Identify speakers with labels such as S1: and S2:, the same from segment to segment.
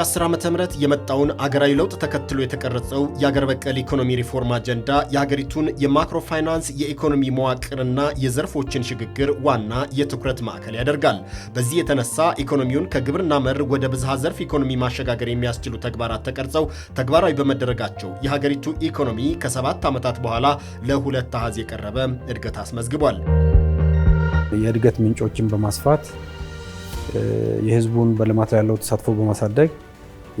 S1: 2010 ዓ ም የመጣውን አገራዊ ለውጥ ተከትሎ የተቀረጸው የአገር በቀል ኢኮኖሚ ሪፎርም አጀንዳ የሀገሪቱን የማክሮ ፋይናንስ የኢኮኖሚ መዋቅርና የዘርፎችን ሽግግር ዋና የትኩረት ማዕከል ያደርጋል። በዚህ የተነሳ ኢኮኖሚውን ከግብርና መር ወደ ብዝሃ ዘርፍ ኢኮኖሚ ማሸጋገር የሚያስችሉ ተግባራት ተቀርጸው ተግባራዊ በመደረጋቸው የሀገሪቱ ኢኮኖሚ ከሰባት ዓመታት በኋላ ለሁለት አሃዝ የቀረበ እድገት አስመዝግቧል።
S2: የእድገት ምንጮችን በማስፋት የህዝቡን በልማት ላይ ያለው ተሳትፎ በማሳደግ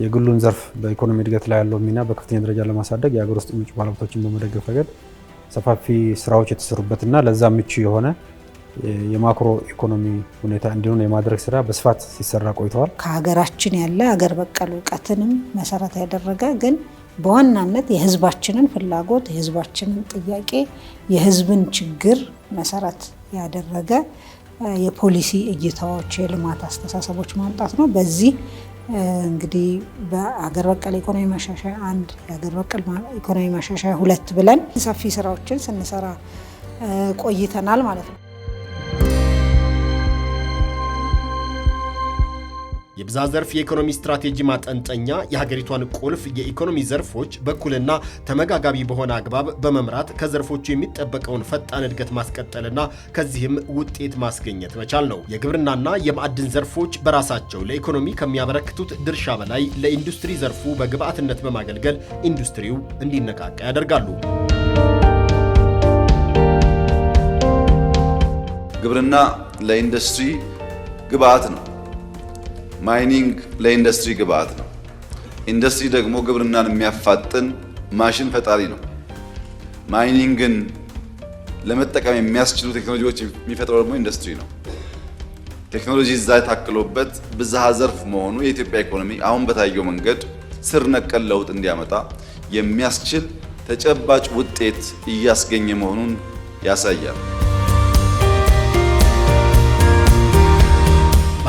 S2: የግሉን ዘርፍ በኢኮኖሚ እድገት ላይ ያለው ሚና በከፍተኛ ደረጃ ለማሳደግ የሀገር ውስጥ የውጭ ባለሀብቶችን በመደገፍ ረገድ ሰፋፊ ስራዎች የተሰሩበትና ለዛ ምቹ የሆነ የማክሮ ኢኮኖሚ ሁኔታ እንዲሆን የማድረግ ስራ በስፋት ሲሰራ ቆይተዋል።
S3: ከሀገራችን ያለ ሀገር በቀል እውቀትንም መሰረት ያደረገ ግን በዋናነት የህዝባችንን ፍላጎት፣ የህዝባችንን ጥያቄ፣ የህዝብን ችግር መሰረት ያደረገ የፖሊሲ እይታዎች፣ የልማት አስተሳሰቦች ማምጣት ነው። በዚህ እንግዲህ በአገር በቀል ኢኮኖሚ ማሻሻያ አንድ፣ የአገር በቀል ኢኮኖሚ ማሻሻያ ሁለት ብለን ሰፊ ስራዎችን ስንሰራ ቆይተናል ማለት ነው።
S1: የብዛ ዘርፍ የኢኮኖሚ ስትራቴጂ ማጠንጠኛ የሀገሪቷን ቁልፍ የኢኮኖሚ ዘርፎች በኩልና ተመጋጋቢ በሆነ አግባብ በመምራት ከዘርፎቹ የሚጠበቀውን ፈጣን እድገት ማስቀጠልና ከዚህም ውጤት ማስገኘት መቻል ነው። የግብርናና የማዕድን ዘርፎች በራሳቸው ለኢኮኖሚ ከሚያበረክቱት ድርሻ በላይ ለኢንዱስትሪ ዘርፉ በግብዓትነት በማገልገል ኢንዱስትሪው እንዲነቃቃ ያደርጋሉ።
S4: ግብርና ለኢንዱስትሪ ግብዓት ነው። ማይኒንግ ለኢንዱስትሪ ግብዓት ነው። ኢንዱስትሪ ደግሞ ግብርናን የሚያፋጥን ማሽን ፈጣሪ ነው። ማይኒንግን ለመጠቀም የሚያስችሉ ቴክኖሎጂዎች የሚፈጥረው ደግሞ ኢንዱስትሪ ነው። ቴክኖሎጂ እዛ የታክሎበት ብዝሃ ዘርፍ መሆኑ የኢትዮጵያ ኢኮኖሚ አሁን በታየው መንገድ ስር ነቀል ለውጥ እንዲያመጣ የሚያስችል ተጨባጭ ውጤት እያስገኘ መሆኑን ያሳያል።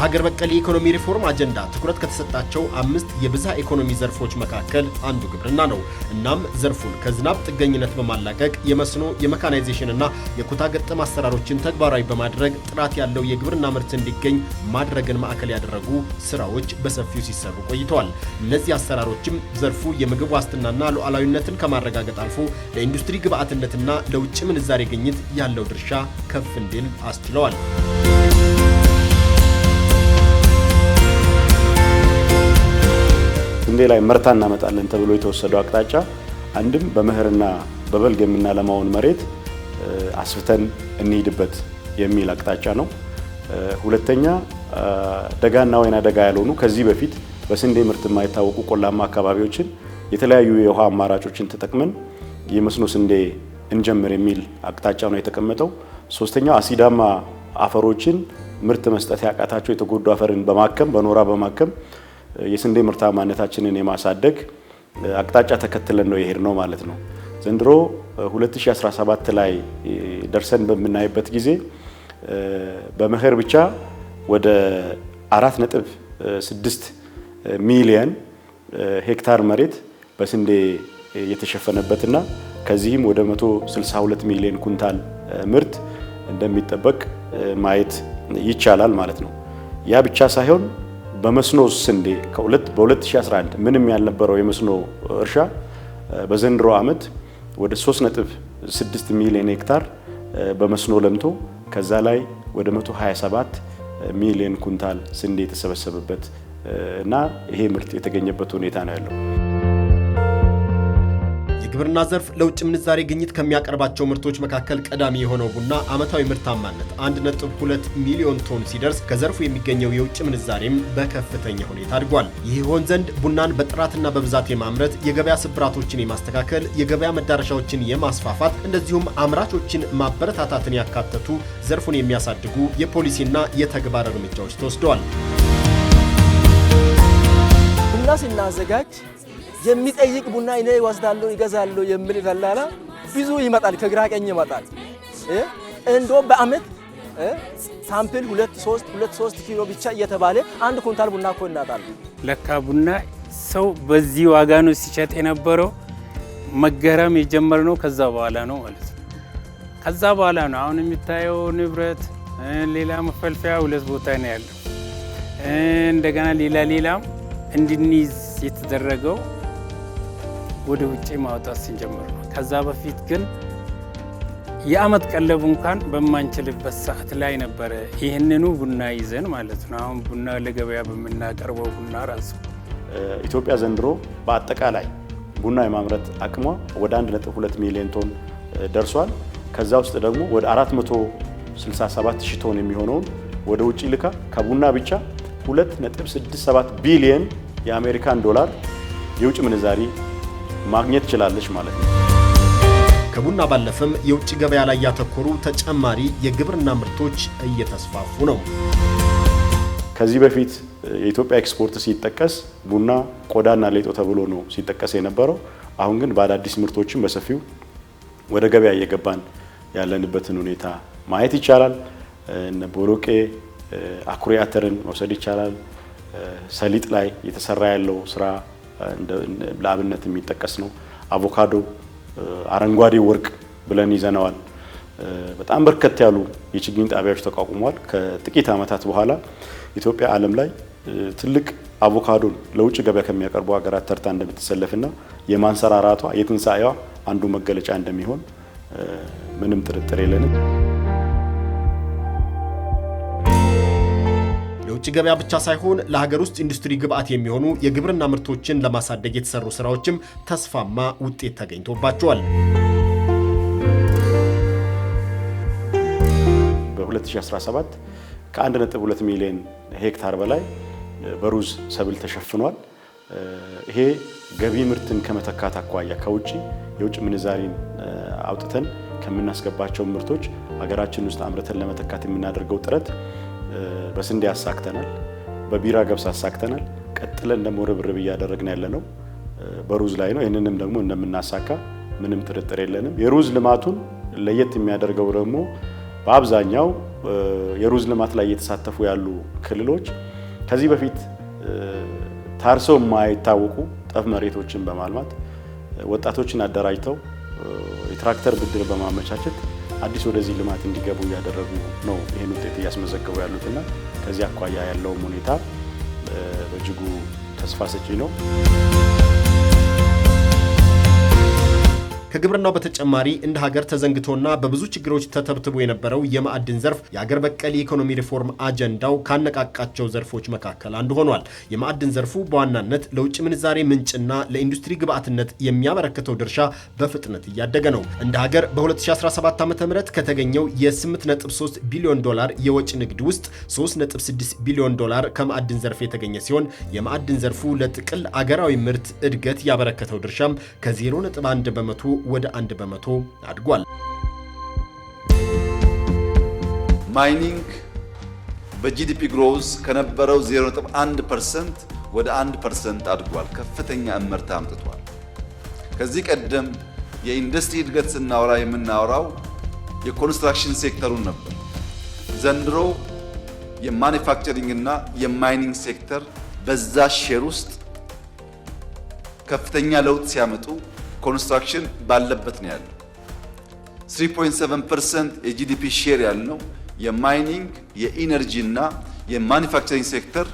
S4: በሀገር በቀል
S1: የኢኮኖሚ ሪፎርም አጀንዳ ትኩረት ከተሰጣቸው አምስት የብዝሃ ኢኮኖሚ ዘርፎች መካከል አንዱ ግብርና ነው። እናም ዘርፉን ከዝናብ ጥገኝነት በማላቀቅ የመስኖ የመካናይዜሽንና የኩታ ገጠም አሰራሮችን ተግባራዊ በማድረግ ጥራት ያለው የግብርና ምርት እንዲገኝ ማድረግን ማዕከል ያደረጉ ስራዎች በሰፊው ሲሰሩ ቆይተዋል። እነዚህ አሰራሮችም ዘርፉ የምግብ ዋስትናና ሉዓላዊነትን ከማረጋገጥ አልፎ ለኢንዱስትሪ ግብዓትነትና ለውጭ ምንዛሬ ግኝት ያለው ድርሻ ከፍ እንዲል አስችለዋል።
S5: ስንዴ ላይ ምርታ እናመጣለን ተብሎ የተወሰደው አቅጣጫ አንድም በመኸርና በበልግ የምናለማውን መሬት አስፍተን እንሂድበት የሚል አቅጣጫ ነው። ሁለተኛ ደጋና ወይና ደጋ ያልሆኑ ከዚህ በፊት በስንዴ ምርት የማይታወቁ ቆላማ አካባቢዎችን የተለያዩ የውሃ አማራጮችን ተጠቅመን የመስኖ ስንዴ እንጀምር የሚል አቅጣጫ ነው የተቀመጠው። ሶስተኛው አሲዳማ አፈሮችን ምርት መስጠት ያቃታቸው የተጎዱ አፈርን በማከም በኖራ በማከም የስንዴ ምርታማነታችንን የማሳደግ አቅጣጫ ተከትለን ነው የሄድ ነው ማለት ነው። ዘንድሮ 2017 ላይ ደርሰን በምናይበት ጊዜ በመኸር ብቻ ወደ 4.6 ሚሊየን ሄክታር መሬት በስንዴ የተሸፈነበትና ከዚህም ወደ 162 ሚሊዮን ኩንታል ምርት እንደሚጠበቅ ማየት ይቻላል ማለት ነው። ያ ብቻ ሳይሆን በመስኖ ስንዴ በ2011 ምንም ያልነበረው የመስኖ እርሻ በዘንድሮ ዓመት ወደ 3.6 ሚሊዮን ሄክታር በመስኖ ለምቶ ከዛ ላይ ወደ 127 ሚሊዮን ኩንታል ስንዴ የተሰበሰበበት እና ይሄ ምርት የተገኘበት ሁኔታ ነው ያለው።
S1: በግብርና ዘርፍ ለውጭ ምንዛሬ ግኝት ከሚያቀርባቸው ምርቶች መካከል ቀዳሚ የሆነው ቡና ዓመታዊ ምርታማነት 1.2 ሚሊዮን ቶን ሲደርስ ከዘርፉ የሚገኘው የውጭ ምንዛሬም በከፍተኛ ሁኔታ አድጓል። ይህ ይሆን ዘንድ ቡናን በጥራትና በብዛት የማምረት፣ የገበያ ስብራቶችን የማስተካከል፣ የገበያ መዳረሻዎችን የማስፋፋት እንደዚሁም አምራቾችን ማበረታታትን ያካተቱ ዘርፉን የሚያሳድጉ የፖሊሲና የተግባር እርምጃዎች ተወስደዋል። ቡና ስናዘጋጅ የሚጠይቅ ቡና እኔ ይወስዳለሁ ይገዛለሁ የሚል ደላላ ብዙ ይመጣል፣ ከግራ ቀኝ ይመጣል። እንዶም በአመት ሳምፕል ሁለት ሶስት ሁለት ሶስት ኪሎ ብቻ እየተባለ አንድ ኩንታል ቡና እኮ እናጣለን።
S2: ለካ ቡና ሰው በዚህ ዋጋ ነው ሲሸጥ የነበረው። መገረም የጀመርነው ከዛ በኋላ ነው ማለት ነው። ከዛ በኋላ ነው አሁን የሚታየው ንብረት ሌላ መፈልፈያ ሁለት ቦታ ነው ያለው። እንደገና ሌላ ሌላም እንድንይዝ የተደረገው ወደ ውጭ ማውጣት ስንጀምር ነው። ከዛ በፊት ግን የአመት ቀለብ እንኳን በማንችልበት ሰዓት ላይ ነበረ። ይህንኑ ቡና ይዘን ማለት ነው። አሁን ቡና ለገበያ በምናቀርበው ቡና ራሱ
S5: ኢትዮጵያ ዘንድሮ በአጠቃላይ ቡና የማምረት አቅሟ ወደ 1.2 ሚሊዮን ቶን ደርሷል። ከዛ ውስጥ ደግሞ ወደ 467 ሺህ ቶን የሚሆነውን ወደ ውጭ ልካ ከቡና ብቻ 2.67 ቢሊየን የአሜሪካን ዶላር የውጭ ምንዛሪ ማግኘት ትችላለች ማለት ነው። ከቡና ባለፈም የውጭ ገበያ ላይ ያተኮሩ
S1: ተጨማሪ የግብርና ምርቶች እየተስፋፉ ነው።
S5: ከዚህ በፊት የኢትዮጵያ ኤክስፖርት ሲጠቀስ ቡና፣ ቆዳና ሌጦ ተብሎ ነው ሲጠቀስ የነበረው። አሁን ግን በአዳዲስ ምርቶችን በሰፊው ወደ ገበያ እየገባን ያለንበትን ሁኔታ ማየት ይቻላል። ቦሎቄ፣ አኩሪ አተርን መውሰድ ይቻላል። ሰሊጥ ላይ የተሰራ ያለው ስራ ለአብነት የሚጠቀስ ነው። አቮካዶ፣ አረንጓዴ ወርቅ ብለን ይዘነዋል። በጣም በርከት ያሉ የችግኝ ጣቢያዎች ተቋቁመዋል። ከጥቂት ዓመታት በኋላ ኢትዮጵያ ዓለም ላይ ትልቅ አቮካዶን ለውጭ ገበያ ከሚያቀርቡ ሀገራት ተርታ እንደምትሰለፍና የማንሰራራቷ የትንሣኤዋ አንዱ መገለጫ እንደሚሆን ምንም ጥርጥር የለንም።
S1: ለውጭ ገበያ ብቻ ሳይሆን ለሀገር ውስጥ ኢንዱስትሪ ግብዓት የሚሆኑ የግብርና ምርቶችን ለማሳደግ የተሰሩ ስራዎችም ተስፋማ
S5: ውጤት ተገኝቶባቸዋል። በ2017 ከ1.2 ሚሊዮን ሄክታር በላይ በሩዝ ሰብል ተሸፍኗል። ይሄ ገቢ ምርትን ከመተካት አኳያ ከውጭ የውጭ ምንዛሪን አውጥተን ከምናስገባቸው ምርቶች ሀገራችን ውስጥ አምርተን ለመተካት የምናደርገው ጥረት በስንዴ አሳክተናል፣ በቢራ ገብስ አሳክተናል። ቀጥለን ደግሞ ርብርብ እያደረግን ያለ ነው በሩዝ ላይ ነው። ይህንንም ደግሞ እንደምናሳካ ምንም ጥርጥር የለንም። የሩዝ ልማቱን ለየት የሚያደርገው ደግሞ በአብዛኛው የሩዝ ልማት ላይ እየተሳተፉ ያሉ ክልሎች ከዚህ በፊት ታርሰው የማይታወቁ ጠፍ መሬቶችን በማልማት ወጣቶችን አደራጅተው የትራክተር ብድር በማመቻቸት አዲስ ወደዚህ ልማት እንዲገቡ እያደረጉ ነው ይህን ውጤት እያስመዘገቡ ያሉትና ከዚህ አኳያ ያለውም ሁኔታ በእጅጉ ተስፋ ሰጪ ነው።
S1: ከግብርናው በተጨማሪ እንደ ሀገር ተዘንግቶና በብዙ ችግሮች ተተብትቦ የነበረው የማዕድን ዘርፍ የአገር በቀል የኢኮኖሚ ሪፎርም አጀንዳው ካነቃቃቸው ዘርፎች መካከል አንዱ ሆኗል። የማዕድን ዘርፉ በዋናነት ለውጭ ምንዛሬ ምንጭና ለኢንዱስትሪ ግብዓትነት የሚያበረክተው ድርሻ በፍጥነት እያደገ ነው። እንደ ሀገር በ2017 ዓ ም ከተገኘው የ8.3 ቢሊዮን ዶላር የወጪ ንግድ ውስጥ 3.6 ቢሊዮን ዶላር ከማዕድን ዘርፍ የተገኘ ሲሆን የማዕድን ዘርፉ ለጥቅል አገራዊ ምርት እድገት ያበረከተው ድርሻም ከ0.1 በመቶ ወደ አንድ በመቶ
S4: አድጓል። ማይኒንግ በጂዲፒ ግሮዝ ከነበረው 0.1 ፐርሰንት ወደ 1 ፐርሰንት አድጓል። ከፍተኛ እመርታ አምጥቷል። ከዚህ ቀደም የኢንዱስትሪ እድገት ስናወራ የምናወራው የኮንስትራክሽን ሴክተሩን ነበር። ዘንድሮ የማኒፋክቸሪንግ እና የማይኒንግ ሴክተር በዛ ሼር ውስጥ ከፍተኛ ለውጥ ሲያመጡ ኮንስትራክሽን ባለበት ነው ያለው። 3.7 ፐርሰንት የጂዲፒ ሼር ያለው የማይኒንግ የኢነርጂ እና የማኒፋክቸሪንግ ሴክተር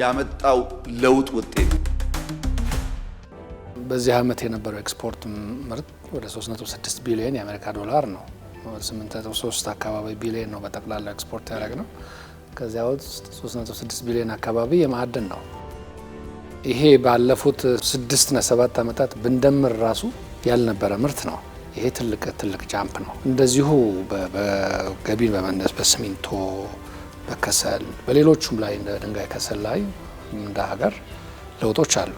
S4: ያመጣው ለውጥ ውጤት
S6: በዚህ ዓመት የነበረው ኤክስፖርት ምርት ወደ 3.6 ቢሊዮን የአሜሪካ ዶላር ነው። 8.3 አካባቢ ቢሊዮን ነው በጠቅላላ ኤክስፖርት ያደረግ ነው። ከዚያ ውስጥ 3.6 ቢሊዮን አካባቢ የማዕድን ነው። ይሄ ባለፉት ስድስትና ሰባት ዓመታት ብንደምር ራሱ ያልነበረ ምርት ነው። ይሄ ትልቅ ትልቅ ጃምፕ ነው። እንደዚሁ ገቢን በመነስ በሲሚንቶ በከሰል በሌሎቹም ላይ ድንጋይ ከሰል ላይ እንደ ሀገር ለውጦች አሉ።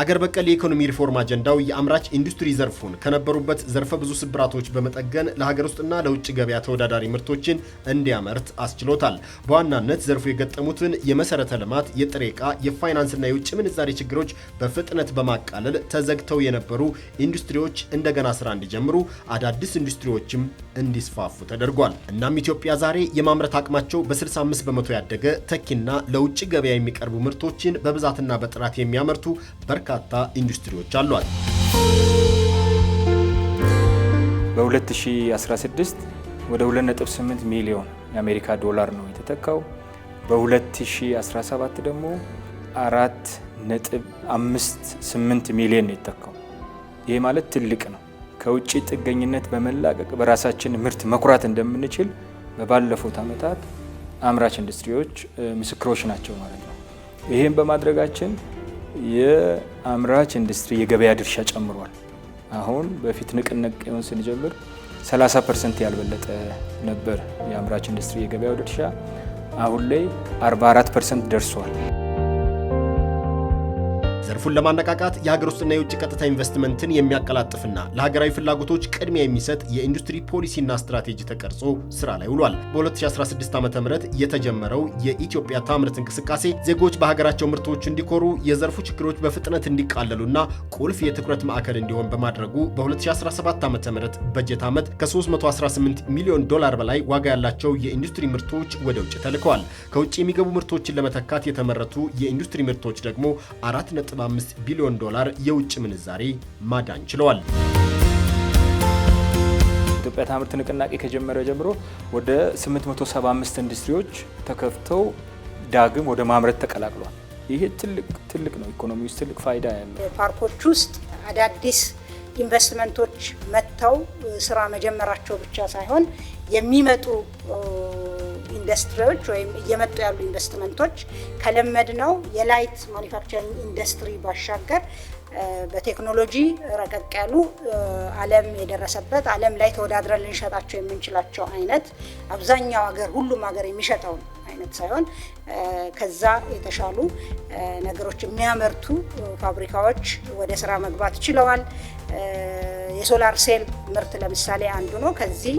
S1: አገር በቀል የኢኮኖሚ ሪፎርም አጀንዳው የአምራች ኢንዱስትሪ ዘርፉን ከነበሩበት ዘርፈ ብዙ ስብራቶች በመጠገን ለሀገር ውስጥና ለውጭ ገበያ ተወዳዳሪ ምርቶችን እንዲያመርት አስችሎታል። በዋናነት ዘርፉ የገጠሙትን የመሰረተ ልማት፣ የጥሬ ዕቃ፣ የፋይናንስና የውጭ ምንዛሬ ችግሮች በፍጥነት በማቃለል ተዘግተው የነበሩ ኢንዱስትሪዎች እንደገና ስራ እንዲጀምሩ አዳዲስ ኢንዱስትሪዎችም እንዲስፋፉ ተደርጓል። እናም ኢትዮጵያ ዛሬ የማምረት አቅማቸው በ65 በመቶ ያደገ ተኪና ለውጭ ገበያ የሚቀርቡ ምርቶችን በብዛትና በጥራት የሚያመርቱ በርካታ ኢንዱስትሪዎች
S6: አሏል። በ2016 ወደ 2.8 ሚሊዮን የአሜሪካ ዶላር ነው የተተካው። በ2017 ደግሞ 4.58 ሚሊዮን ነው የተተካው። ይሄ ማለት ትልቅ ነው። ከውጭ ጥገኝነት በመላቀቅ በራሳችን ምርት መኩራት እንደምንችል በባለፉት ዓመታት አምራች ኢንዱስትሪዎች ምስክሮች ናቸው ማለት ነው። ይህም በማድረጋችን የአምራች ኢንዱስትሪ የገበያ ድርሻ ጨምሯል። አሁን በፊት ንቅንቅ ስንጀምር 30 ፐርሰንት ያልበለጠ ነበር የአምራች ኢንዱስትሪ የገበያው ድርሻ አሁን ላይ 44 ፐርሰንት ደርሷል። ዘርፉን ለማነቃቃት የሀገር ውስጥና የውጭ
S1: ቀጥታ ኢንቨስትመንትን የሚያቀላጥፍና ለሀገራዊ ፍላጎቶች ቅድሚያ የሚሰጥ የኢንዱስትሪ ፖሊሲና ስትራቴጂ ተቀርጾ ስራ ላይ ውሏል። በ2016 ዓ ም የተጀመረው የኢትዮጵያ ታምርት እንቅስቃሴ ዜጎች በሀገራቸው ምርቶች እንዲኮሩ፣ የዘርፉ ችግሮች በፍጥነት እንዲቃለሉና ቁልፍ የትኩረት ማዕከል እንዲሆን በማድረጉ በ2017 ዓ ም በጀት ዓመት ከ318 ሚሊዮን ዶላር በላይ ዋጋ ያላቸው የኢንዱስትሪ ምርቶች ወደ ውጭ ተልከዋል። ከውጭ የሚገቡ ምርቶችን ለመተካት የተመረቱ የኢንዱስትሪ ምርቶች ደግሞ አራት ነጥብ 1.5 ቢሊዮን ዶላር የውጭ ምንዛሬ
S6: ማዳን ችለዋል። ኢትዮጵያ ታምርት ንቅናቄ ከጀመረ ጀምሮ ወደ 875 ኢንዱስትሪዎች ተከፍተው ዳግም ወደ ማምረት ተቀላቅሏል። ይሄ ትልቅ ትልቅ ነው። ኢኮኖሚ ውስጥ ትልቅ ፋይዳ ያለው ፓርኮች ውስጥ
S3: አዳዲስ ኢንቨስትመንቶች መጥተው ስራ መጀመራቸው ብቻ ሳይሆን የሚመጡ ኢንዱስትሪዎች ወይም እየመጡ ያሉ ኢንቨስትመንቶች ከለመድ ነው የላይት ማኒፋክቸሪንግ ኢንዱስትሪ ባሻገር በቴክኖሎጂ ረቀቅ ያሉ ዓለም የደረሰበት ዓለም ላይ ተወዳድረን ልንሸጣቸው የምንችላቸው አይነት አብዛኛው ሀገር ሁሉም ሀገር የሚሸጠውን አይነት ሳይሆን ከዛ የተሻሉ ነገሮች የሚያመርቱ ፋብሪካዎች ወደ ስራ መግባት ችለዋል። የሶላር ሴል ምርት ለምሳሌ አንዱ ነው። ከዚህ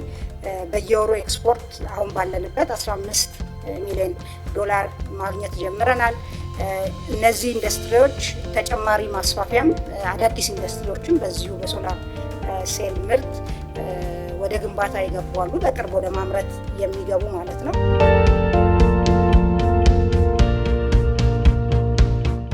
S3: በየወሩ ኤክስፖርት አሁን ባለንበት 15 ሚሊዮን ዶላር ማግኘት ጀምረናል። እነዚህ ኢንዱስትሪዎች ተጨማሪ ማስፋፊያም አዳዲስ ኢንዱስትሪዎችም በዚሁ በሶላር ሴል ምርት ወደ ግንባታ ይገባሉ። በቅርብ ወደ ማምረት የሚገቡ ማለት ነው።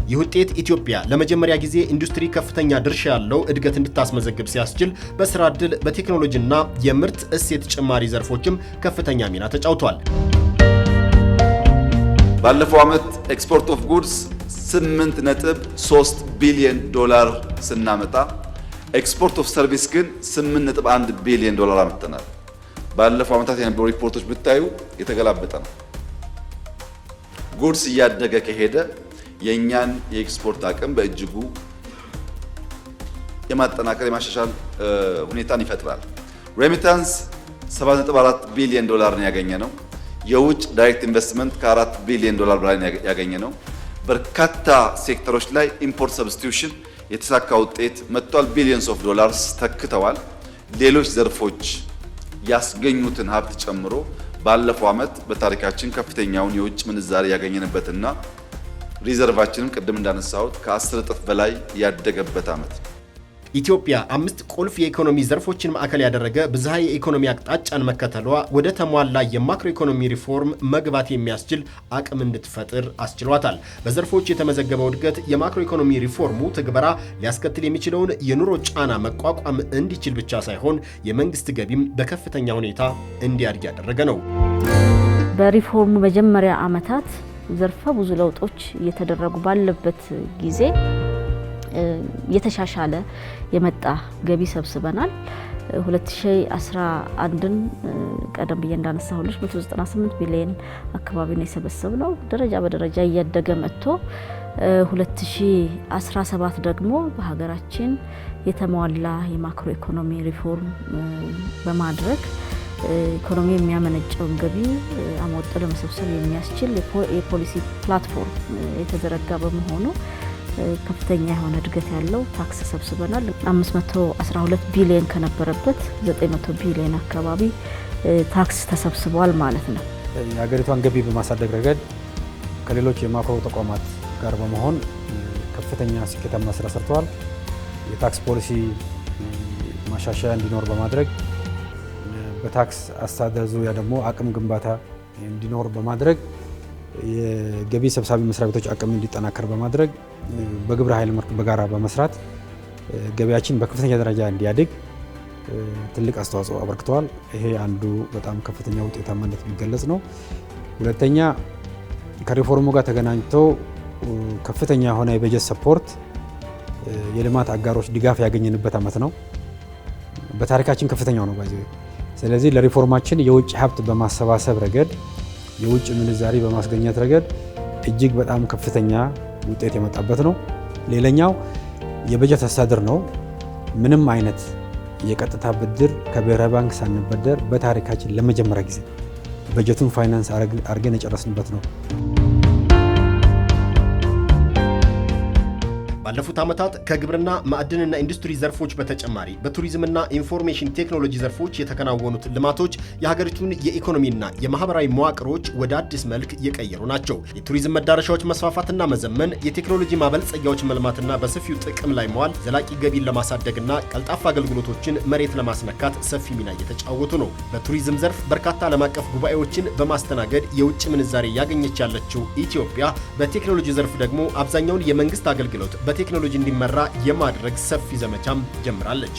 S1: ይህ ውጤት ኢትዮጵያ ለመጀመሪያ ጊዜ ኢንዱስትሪ ከፍተኛ ድርሻ ያለው እድገት እንድታስመዘግብ ሲያስችል በስራ ዕድል፣ በቴክኖሎጂና የምርት እሴት ጭማሪ
S4: ዘርፎችም ከፍተኛ ሚና ተጫውቷል። ባለፈው ዓመት ኤክስፖርት ኦፍ ጉድስ 8 ነጥብ 3 ቢሊዮን ዶላር ስናመጣ ኤክስፖርት ኦፍ ሰርቪስ ግን 8 ነጥብ 1 ቢሊዮን ዶላር አመጥተናል። ባለፈው ዓመታት የነበሩ ሪፖርቶች ብታዩ የተገላበጠ ነው። ጉድስ እያደገ ከሄደ የእኛን የኤክስፖርት አቅም በእጅጉ የማጠናከር የማሻሻል ሁኔታን ይፈጥራል። ሬሚታንስ 7.4 ቢሊዮን ዶላር ነው ያገኘ ነው። የውጭ ዳይሬክት ኢንቨስትመንት ከ ከ4 ቢሊዮን ዶላር በላይ ያገኘ ነው። በርካታ ሴክተሮች ላይ ኢምፖርት ሰብስቲቱሽን የተሳካ ውጤት መጥቷል። ቢሊዮንስ ኦፍ ዶላርስ ተክተዋል። ሌሎች ዘርፎች ያስገኙትን ሀብት ጨምሮ ባለፈው ዓመት በታሪካችን ከፍተኛውን የውጭ ምንዛሪ ያገኘንበትና ሪዘርቫችንም ቅድም እንዳነሳሁት ከ10 እጥፍ በላይ ያደገበት ዓመት
S1: ኢትዮጵያ አምስት ቁልፍ የኢኮኖሚ ዘርፎችን ማዕከል ያደረገ ብዝሃ የኢኮኖሚ አቅጣጫን መከተሏ ወደ ተሟላ የማክሮ ኢኮኖሚ ሪፎርም መግባት የሚያስችል አቅም እንድትፈጥር አስችሏታል። በዘርፎች የተመዘገበው እድገት የማክሮ ኢኮኖሚ ሪፎርሙ ትግበራ ሊያስከትል የሚችለውን የኑሮ ጫና መቋቋም እንዲችል ብቻ ሳይሆን የመንግስት ገቢም በከፍተኛ ሁኔታ እንዲያድግ ያደረገ ነው።
S3: በሪፎርሙ መጀመሪያ ዓመታት ዘርፈ ብዙ ለውጦች እየተደረጉ ባለበት ጊዜ የተሻሻለ የመጣ ገቢ ሰብስበናል። 2011ን ቀደም ብዬ እንዳነሳሁልሽ 198 ቢሊዮን አካባቢ ነው የሰበሰብነው። ደረጃ በደረጃ እያደገ መጥቶ 2017 ደግሞ በሀገራችን የተሟላ የማክሮ ኢኮኖሚ ሪፎርም በማድረግ ኢኮኖሚ የሚያመነጨውን ገቢ አሞጦ ለመሰብሰብ የሚያስችል የፖሊሲ ፕላትፎርም የተዘረጋ በመሆኑ ከፍተኛ የሆነ እድገት ያለው ታክስ ሰብስበናል። 512 ቢሊዮን ከነበረበት 900 ቢሊዮን አካባቢ ታክስ ተሰብስቧል ማለት ነው።
S2: የሀገሪቷን ገቢ በማሳደግ ረገድ ከሌሎች የማክሮ ተቋማት ጋር በመሆን ከፍተኛ ስኬታማ ስራ ሰርተዋል። የታክስ ፖሊሲ ማሻሻያ እንዲኖር በማድረግ በታክስ አስተዳደር ዙሪያ ደግሞ አቅም ግንባታ እንዲኖር በማድረግ የገቢ ሰብሳቢ መስሪያ ቤቶች አቅም እንዲጠናከር በማድረግ በግብረ ኃይል መልክ በጋራ በመስራት ገቢያችን በከፍተኛ ደረጃ እንዲያድግ ትልቅ አስተዋጽኦ አበርክተዋል። ይሄ አንዱ በጣም ከፍተኛ ውጤታማነት የሚገለጽ ነው። ሁለተኛ ከሪፎርሙ ጋር ተገናኝቶ ከፍተኛ የሆነ የበጀት ሰፖርት የልማት አጋሮች ድጋፍ ያገኘንበት ዓመት ነው። በታሪካችን ከፍተኛው ነው ባይዘ ስለዚህ ለሪፎርማችን የውጭ ሀብት በማሰባሰብ ረገድ፣ የውጭ ምንዛሪ በማስገኘት ረገድ እጅግ በጣም ከፍተኛ ውጤት የመጣበት ነው። ሌላኛው የበጀት አስተዳደር ነው። ምንም አይነት የቀጥታ ብድር ከብሔራዊ ባንክ ሳንበደር በታሪካችን ለመጀመሪያ ጊዜ በጀቱን ፋይናንስ አድርገን የጨረስንበት ነው።
S1: ባለፉት ዓመታት ከግብርና ማዕድንና ኢንዱስትሪ ዘርፎች በተጨማሪ በቱሪዝምና ኢንፎርሜሽን ቴክኖሎጂ ዘርፎች የተከናወኑት ልማቶች የሀገሪቱን የኢኮኖሚና የማህበራዊ መዋቅሮች ወደ አዲስ መልክ የቀየሩ ናቸው። የቱሪዝም መዳረሻዎች መስፋፋትና መዘመን፣ የቴክኖሎጂ ማበልጸያዎች መልማትና በሰፊው ጥቅም ላይ መዋል ዘላቂ ገቢን ለማሳደግና ቀልጣፋ አገልግሎቶችን መሬት ለማስነካት ሰፊ ሚና እየተጫወቱ ነው። በቱሪዝም ዘርፍ በርካታ ዓለም አቀፍ ጉባኤዎችን በማስተናገድ የውጭ ምንዛሬ ያገኘች ያለችው ኢትዮጵያ በቴክኖሎጂ ዘርፍ ደግሞ አብዛኛውን የመንግስት አገልግሎት በቴክኖሎጂ እንዲመራ የማድረግ ሰፊ ዘመቻም ጀምራለች።